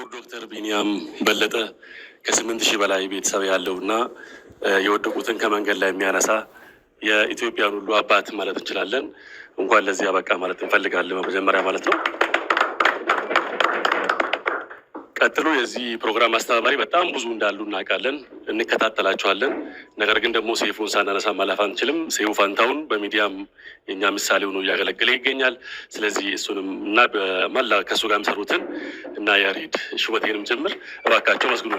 ክቡር ዶክተር ቢኒያም በለጠ ከስምንት ሺህ በላይ ቤተሰብ ያለው እና የወደቁትን ከመንገድ ላይ የሚያነሳ የኢትዮጵያን ሁሉ አባት ማለት እንችላለን። እንኳን ለዚህ አበቃ ማለት እንፈልጋለን በመጀመሪያ ማለት ነው። ቀጥሎ የዚህ ፕሮግራም አስተባባሪ በጣም ብዙ እንዳሉ እናውቃለን፣ እንከታተላቸዋለን። ነገር ግን ደግሞ ሴፉን ሳናነሳ ማለፍ አንችልም። ሴፉ ፋንታውን በሚዲያም የኛ ምሳሌ ሆኖ እያገለገለ ይገኛል። ስለዚህ እሱንም እና በመላ ከእሱ ጋር የሚሰሩትን እና የሬድ ሽወቴንም ጭምር እባካቸው መስግኑ።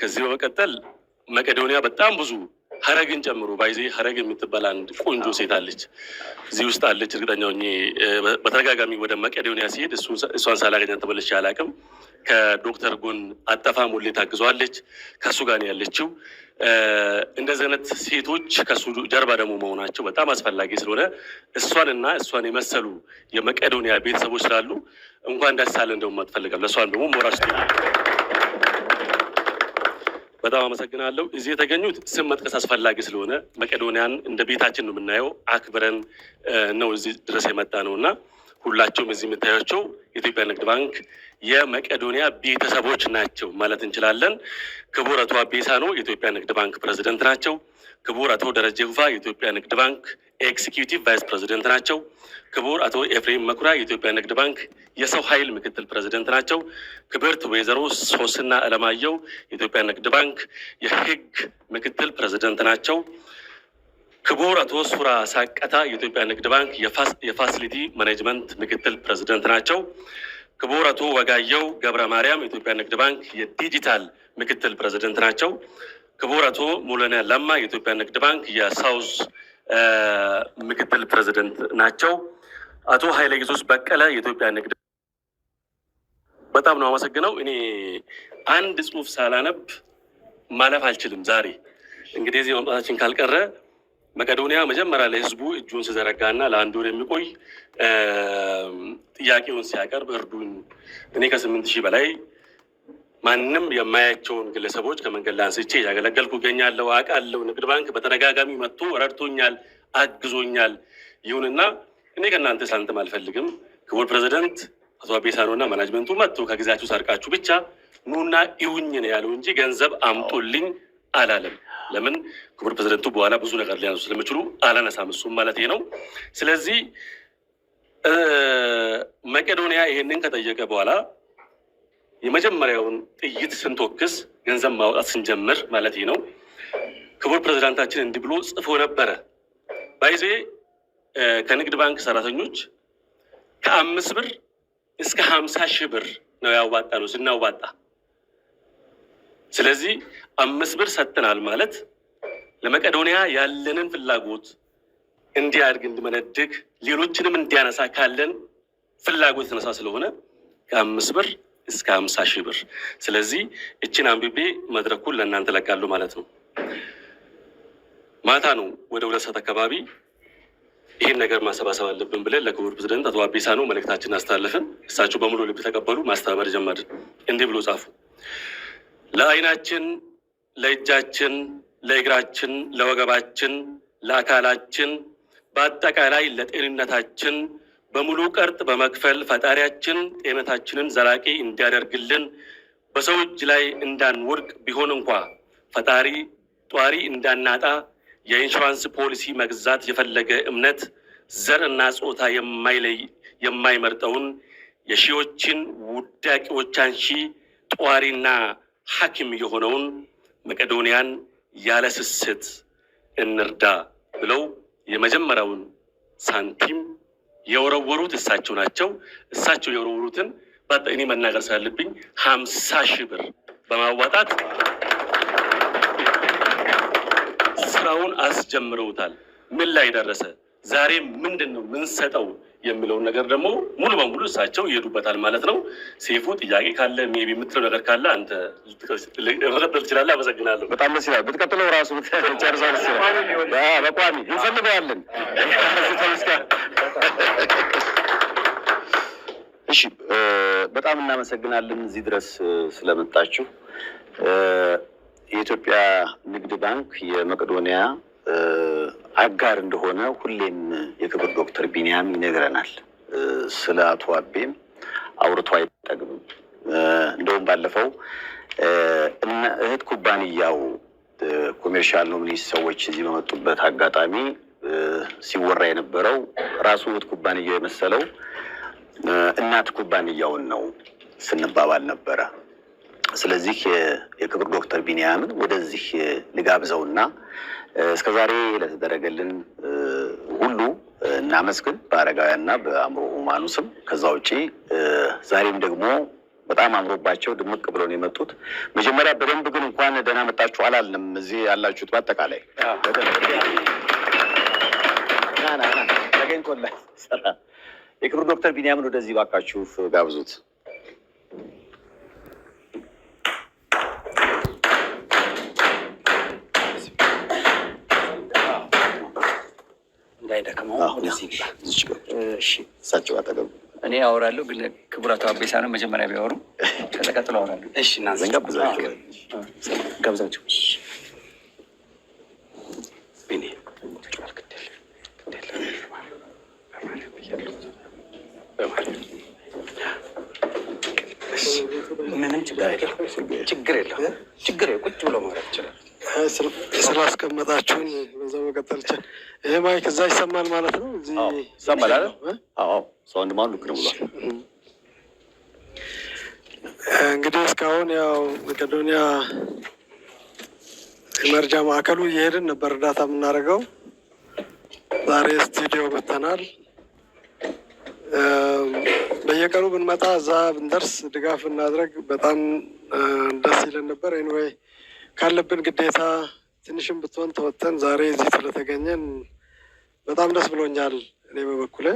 ከዚህ በመቀጠል መቄዶንያ በጣም ብዙ ሀረግን ጨምሩ። ባይዜ ሀረግ የምትባል አንድ ቆንጆ ሴት አለች፣ እዚህ ውስጥ አለች። እርግጠኛ ሆኜ በተደጋጋሚ ወደ መቄዶኒያ ሲሄድ እሷን ሳላገኛ ተበለች አላቅም። ከዶክተር ጎን አጠፋ ሞሌ ታግዟለች። ከእሱ ጋር ነው ያለችው። እንደዚህ አይነት ሴቶች ከእሱ ጀርባ ደግሞ መሆናቸው በጣም አስፈላጊ ስለሆነ እሷን እሷንና እሷን የመሰሉ የመቄዶኒያ ቤተሰቦች ስላሉ እንኳን ደስ አለ እንደውም አትፈልጋም ለእሷን ደግሞ ሞራስ በጣም አመሰግናለሁ። እዚህ የተገኙት ስም መጥቀስ አስፈላጊ ስለሆነ መቄዶንያን እንደ ቤታችን ነው የምናየው፣ አክብረን ነው እዚህ ድረስ የመጣ ነው እና ሁላቸውም እዚህ የምታያቸው የኢትዮጵያ ንግድ ባንክ የመቄዶንያ ቤተሰቦች ናቸው ማለት እንችላለን። ክቡር አቶ ነው የኢትዮጵያ ንግድ ባንክ ፕሬዚደንት ናቸው። ክቡር አቶ ደረጀ ሁፋ የኢትዮጵያ ንግድ ባንክ ኤክስኪዩቲቭ ቫይስ ፕሬዚደንት ናቸው። ክቡር አቶ ኤፍሬም መኩሪያ የኢትዮጵያ ንግድ ባንክ የሰው ኃይል ምክትል ፕሬዚደንት ናቸው። ክብርት ወይዘሮ ሶስና አለማየሁ የኢትዮጵያ ንግድ ባንክ የህግ ምክትል ፕሬዚደንት ናቸው። ክቡር አቶ ሱራ ሳቀታ የኢትዮጵያ ንግድ ባንክ የፋሲሊቲ ማኔጅመንት ምክትል ፕሬዚደንት ናቸው። ክቡር አቶ ወጋየው ገብረ ማርያም የኢትዮጵያ ንግድ ባንክ የዲጂታል ምክትል ፕሬዚደንት ናቸው። ክቡር አቶ ሙሉነህ ለማ የኢትዮጵያ ንግድ ባንክ የሳውዝ ምክትል ፕሬዚደንት ናቸው። አቶ ኃይለ ጊዞስ በቀለ የኢትዮጵያ ንግድ በጣም ነው አመሰግነው። እኔ አንድ ጽሁፍ ሳላነብ ማለፍ አልችልም። ዛሬ እንግዲህ እዚህ መምጣታችን ካልቀረ መቄዶንያ መጀመሪያ ለህዝቡ እጁን ሲዘረጋና ለአንድ ወር የሚቆይ ጥያቄውን ሲያቀርብ እርዱን እኔ ከስምንት ሺህ በላይ ማንም የማያቸውን ግለሰቦች ከመንገድ ላይ አንስቼ ያገለገልኩ ይገኛለሁ። አውቃለሁ። ንግድ ባንክ በተደጋጋሚ መጥቶ ረድቶኛል፣ አግዞኛል። ይሁንና እኔ ከእናንተ ሳንቲም አልፈልግም። ክቡር ፕሬዚደንት አቶ አቤ ሳኖና ማናጅመንቱ መጥቶ ከጊዜያችሁ ሰርቃችሁ ብቻ ኑና ይሁኝ ነው ያለው እንጂ ገንዘብ አምጡልኝ አላለም። ለምን ክቡር ፕሬዚደንቱ በኋላ ብዙ ነገር ሊያነሱ ስለምችሉ አላነሳም፣ እሱም ማለት ነው። ስለዚህ መቄዶንያ ይሄንን ከጠየቀ በኋላ የመጀመሪያውን ጥይት ስንቶክስ ገንዘብ ማውጣት ስንጀምር ማለት ነው። ክቡር ፕሬዚዳንታችን እንዲህ ብሎ ጽፎ ነበረ። ባይዜ ከንግድ ባንክ ሰራተኞች ከአምስት ብር እስከ ሀምሳ ሺህ ብር ነው ያዋጣ ነው ስናዋጣ። ስለዚህ አምስት ብር ሰጥተናል ማለት ለመቄዶንያ ያለንን ፍላጎት እንዲያድግ እንዲመነድግ፣ ሌሎችንም እንዲያነሳ ካለን ፍላጎት የተነሳ ስለሆነ ከአምስት ብር እስከ ሀምሳ ሺህ ብር። ስለዚህ እችን አንብቤ መድረኩን ለእናንተ ለቃሉ ማለት ነው። ማታ ነው ወደ ሁለት ሰዓት አካባቢ ይህን ነገር ማሰባሰብ አለብን ብለን ለክቡር ፕሬዚደንት አቶ አቤሳ ነው መልእክታችን አስተላለፍን። እሳቸው በሙሉ ልብ ተቀበሉ። ማስተባበር ጀመርን። እንዲህ ብሎ ጻፉ። ለአይናችን፣ ለእጃችን፣ ለእግራችን፣ ለወገባችን፣ ለአካላችን፣ በአጠቃላይ ለጤንነታችን በሙሉ ቀርጥ በመክፈል ፈጣሪያችን ጤነታችንን ዘላቂ እንዲያደርግልን በሰው እጅ ላይ እንዳንወድቅ ቢሆን እንኳ ፈጣሪ ጧሪ እንዳናጣ የኢንሹራንስ ፖሊሲ መግዛት የፈለገ እምነት፣ ዘር እና ጾታ የማይለይ የማይመርጠውን የሺዎችን ውዳቂዎች አንሺ ጧሪና ሐኪም የሆነውን መቄዶንያን ያለ ስስት እንርዳ ብለው የመጀመሪያውን ሳንቲም የወረወሩት እሳቸው ናቸው። እሳቸው የወረወሩትን እኔ መናገር ስላለብኝ ሀምሳ ሺህ ብር በማዋጣት ስራውን አስጀምረውታል። ምን ላይ ደረሰ? ዛሬ ምንድን ነው ምንሰጠው የሚለውን ነገር ደግሞ ሙሉ በሙሉ እሳቸው ይሄዱበታል ማለት ነው። ሴፉ ጥያቄ ካለ ሜቢ የምትለው ነገር ካለ አንተ መቀጠል ትችላለህ። አመሰግናለሁ። በጣም ደስ ይላል። ብትቀጥለው ራሱ ጨርሳ ደስ በቋሚ እንፈልገዋለን። እሺ፣ በጣም እናመሰግናለን እዚህ ድረስ ስለመጣችሁ። የኢትዮጵያ ንግድ ባንክ የመቄዶንያ አጋር እንደሆነ ሁሌም የክብር ዶክተር ቢንያም ይነግረናል። ስለ አቶ አቤም አውርቶ አይጠግብም። እንደውም ባለፈው እህት ኩባንያው ኮሜርሻል ኖሚኒስ ሰዎች እዚህ በመጡበት አጋጣሚ ሲወራ የነበረው ራሱ እህት ኩባንያው የመሰለው እናት ኩባንያውን ነው ስንባባል ነበረ። ስለዚህ የክብር ዶክተር ቢንያምን ወደዚህ ልጋብዘውና እስከዛሬ ለተደረገልን ሁሉ እናመስግን በአረጋውያንና በአእምሮ ሕሙማኑ ስም። ከዛ ውጪ ዛሬም ደግሞ በጣም አምሮባቸው ድምቅ ብለው ነው የመጡት። መጀመሪያ በደንብ ግን እንኳን ደህና መጣችሁ አላልንም። እዚህ ያላችሁት በአጠቃላይ የክብር ዶክተር ቢንያምን ወደዚህ ባካችሁ ጋብዙት። እሳቸው አጠገቡ እኔ አወራለሁ፣ ግን ክቡራቱ አቤሳ ነው መጀመሪያ ቢያወሩ፣ ከዛ ቀጥሎ አወራለሁ። እሺ ጋብዛቸው። ምንም ችግር የለም፣ ችግር የለም። ችግር ቁጭ ብሎ ማውራት ይችላል። ስላስቀመጣችሁን በዛ መቀጠል ይቻል። ይሄ ማይክ እዛ ይሰማል ማለት ነው። ይሰማል አለ ሰው ንድማ ልክ ነው ብሏል። እንግዲህ እስካሁን ያው መቄዶንያ መርጃ ማዕከሉ እየሄድን ነበር እርዳታ የምናደርገው። ዛሬ ስቱዲዮ መተናል። በየቀኑ ብንመጣ እዛ ብንደርስ ድጋፍ ብናድረግ በጣም ደስ ይለን ነበር። ኤኒዌይ ካለብን ግዴታ ትንሽም ብትሆን ተወጥተን ዛሬ እዚህ ስለተገኘን በጣም ደስ ብሎኛል። እኔ በበኩሌ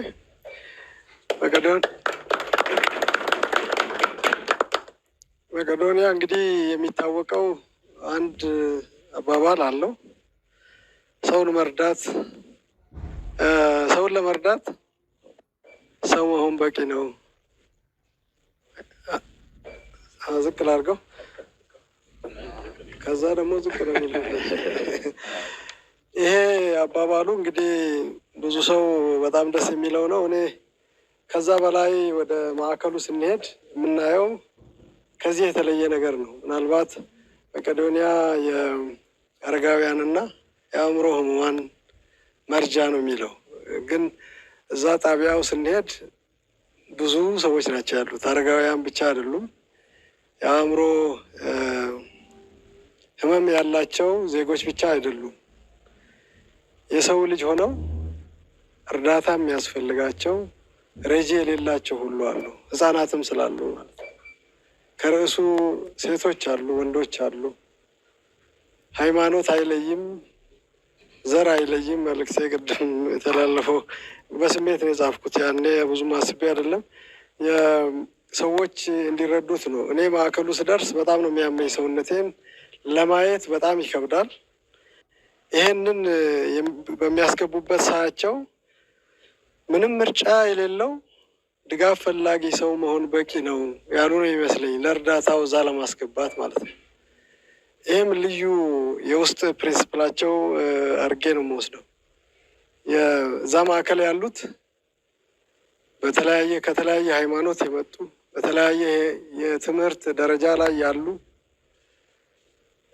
መቄዶንያ እንግዲህ የሚታወቀው አንድ አባባል አለው። ሰውን መርዳት ሰውን ለመርዳት ሰው መሆን በቂ ነው። ዝቅ ላድርገው። ከዛ ደግሞ ዝቅ ነው ይሄ አባባሉ እንግዲህ ብዙ ሰው በጣም ደስ የሚለው ነው። እኔ ከዛ በላይ ወደ ማዕከሉ ስንሄድ የምናየው ከዚህ የተለየ ነገር ነው። ምናልባት መቄዶንያ የአረጋውያንና የአእምሮ ህሙማን መርጃ ነው የሚለው ግን እዛ ጣቢያው ስንሄድ ብዙ ሰዎች ናቸው ያሉት። አረጋውያን ብቻ አይደሉም የአእምሮ ህመም ያላቸው ዜጎች ብቻ አይደሉም። የሰው ልጅ ሆነው እርዳታ የሚያስፈልጋቸው ረጂ የሌላቸው ሁሉ አሉ። ህጻናትም ስላሉ ማለት ከርዕሱ ሴቶች አሉ፣ ወንዶች አሉ። ሃይማኖት አይለይም፣ ዘር አይለይም። መልእክቴ ቅድም የተላለፈው በስሜት ነው የጻፍኩት። ያኔ ብዙ ማስቤ አይደለም ሰዎች እንዲረዱት ነው። እኔ ማዕከሉ ስደርስ በጣም ነው የሚያመኝ ሰውነቴን ለማየት በጣም ይከብዳል። ይሄንን በሚያስገቡበት ሳያቸው ምንም ምርጫ የሌለው ድጋፍ ፈላጊ ሰው መሆን በቂ ነው ያሉ ነው ይመስለኝ፣ ለእርዳታው እዛ ለማስገባት ማለት ነው። ይህም ልዩ የውስጥ ፕሪንስፕላቸው አድርጌ ነው የምወስደው። እዛ ማዕከል ያሉት በተለያየ ከተለያየ ሃይማኖት የመጡ በተለያየ የትምህርት ደረጃ ላይ ያሉ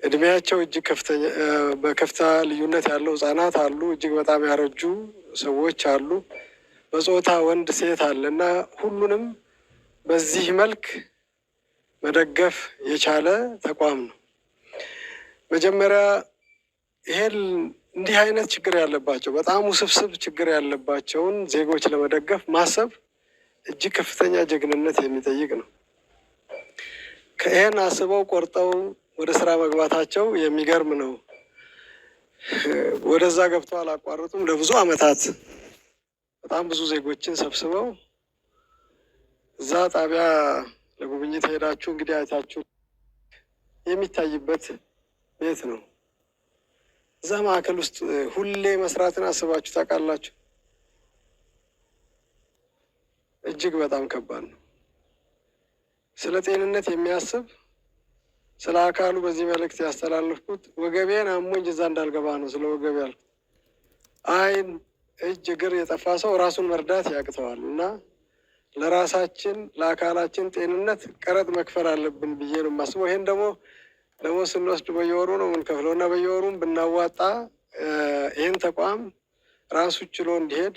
እድሜያቸው እጅግ በከፍታ ልዩነት ያለው ህጻናት አሉ። እጅግ በጣም ያረጁ ሰዎች አሉ። በጾታ ወንድ፣ ሴት አለ እና ሁሉንም በዚህ መልክ መደገፍ የቻለ ተቋም ነው። መጀመሪያ ይሄን እንዲህ አይነት ችግር ያለባቸው በጣም ውስብስብ ችግር ያለባቸውን ዜጎች ለመደገፍ ማሰብ እጅግ ከፍተኛ ጀግንነት የሚጠይቅ ነው። ከይህን አስበው ቆርጠው ወደ ስራ መግባታቸው የሚገርም ነው። ወደዛ ገብተው አላቋረጡም። ለብዙ አመታት በጣም ብዙ ዜጎችን ሰብስበው እዛ ጣቢያ ለጉብኝት ሄዳችሁ እንግዲህ አይታችሁ የሚታይበት ቤት ነው። እዛ ማዕከል ውስጥ ሁሌ መስራትን አስባችሁ ታውቃላችሁ? እጅግ በጣም ከባድ ነው። ስለ ጤንነት የሚያስብ ስለ አካሉ በዚህ መልእክት ያስተላለፍኩት ወገቤን አሞኝ እዛ እንዳልገባ ነው። ስለ ወገብ ያል አይን፣ እጅ፣ እግር የጠፋ ሰው ራሱን መርዳት ያቅተዋል እና ለራሳችን ለአካላችን ጤንነት ቀረጥ መክፈል አለብን ብዬ ነው የማስበው። ይህን ደግሞ ደግሞ ስንወስድ በየወሩ ነው የምንከፍለው እና በየወሩም ብናዋጣ ይህን ተቋም ራሱ ችሎ እንዲሄድ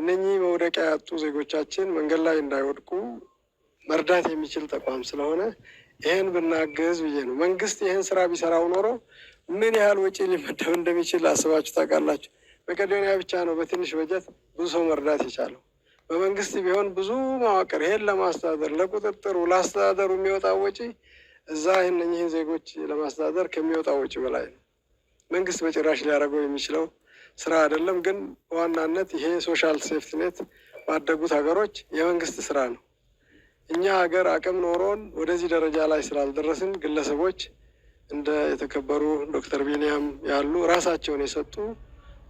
እነኚህ መውደቂያ ያጡ ዜጎቻችን መንገድ ላይ እንዳይወድቁ መርዳት የሚችል ተቋም ስለሆነ ይህን ብናግዝ ብዬ ነው። መንግስት ይህን ስራ ቢሰራው ኖሮ ምን ያህል ወጪ ሊመደብ እንደሚችል አስባችሁ ታውቃላችሁ? መቄዶንያ ብቻ ነው በትንሽ በጀት ብዙ ሰው መርዳት የቻለው። በመንግስት ቢሆን ብዙ መዋቅር ይህን ለማስተዳደር ለቁጥጥሩ፣ ለአስተዳደሩ የሚወጣው ወጪ እዛ እነኝህን ዜጎች ለማስተዳደር ከሚወጣው ወጪ በላይ ነው። መንግስት በጭራሽ ሊያደርገው የሚችለው ስራ አይደለም። ግን በዋናነት ይሄ ሶሻል ሴፍትኔት ባደጉት ሀገሮች የመንግስት ስራ ነው። እኛ ሀገር አቅም ኖሮን ወደዚህ ደረጃ ላይ ስላልደረስን ግለሰቦች እንደ የተከበሩ ዶክተር ቢንያም ያሉ ራሳቸውን የሰጡ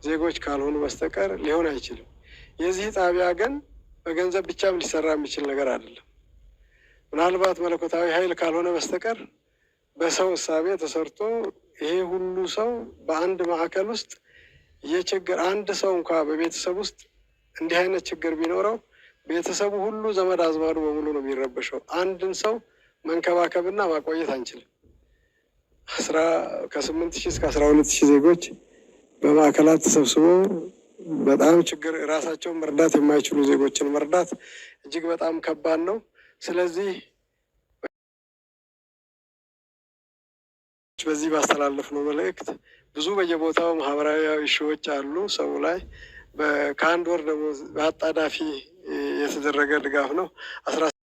ዜጎች ካልሆኑ በስተቀር ሊሆን አይችልም። የዚህ ጣቢያ ግን በገንዘብ ብቻም ሊሰራ የሚችል ነገር አይደለም። ምናልባት መለኮታዊ ኃይል ካልሆነ በስተቀር በሰው እሳቤ ተሰርቶ ይሄ ሁሉ ሰው በአንድ ማዕከል ውስጥ የችግር አንድ ሰው እንኳ በቤተሰብ ውስጥ እንዲህ አይነት ችግር ቢኖረው ቤተሰቡ ሁሉ ዘመድ አዝማዱ በሙሉ ነው የሚረበሸው። አንድን ሰው መንከባከብና ማቆየት አንችልም። ከስምንት ሺህ እስከ አስራ ሁለት ሺህ ዜጎች በማዕከላት ተሰብስቦ በጣም ችግር ራሳቸውን መርዳት የማይችሉ ዜጎችን መርዳት እጅግ በጣም ከባድ ነው። ስለዚህ በዚህ ነው መልእክት ብዙ በየቦታው ማህበራዊ ሺዎች አሉ ሰው ላይ ከአንድ ወር ደግሞ በአጣዳፊ የተደረገ ድጋፍ ነው። አስራ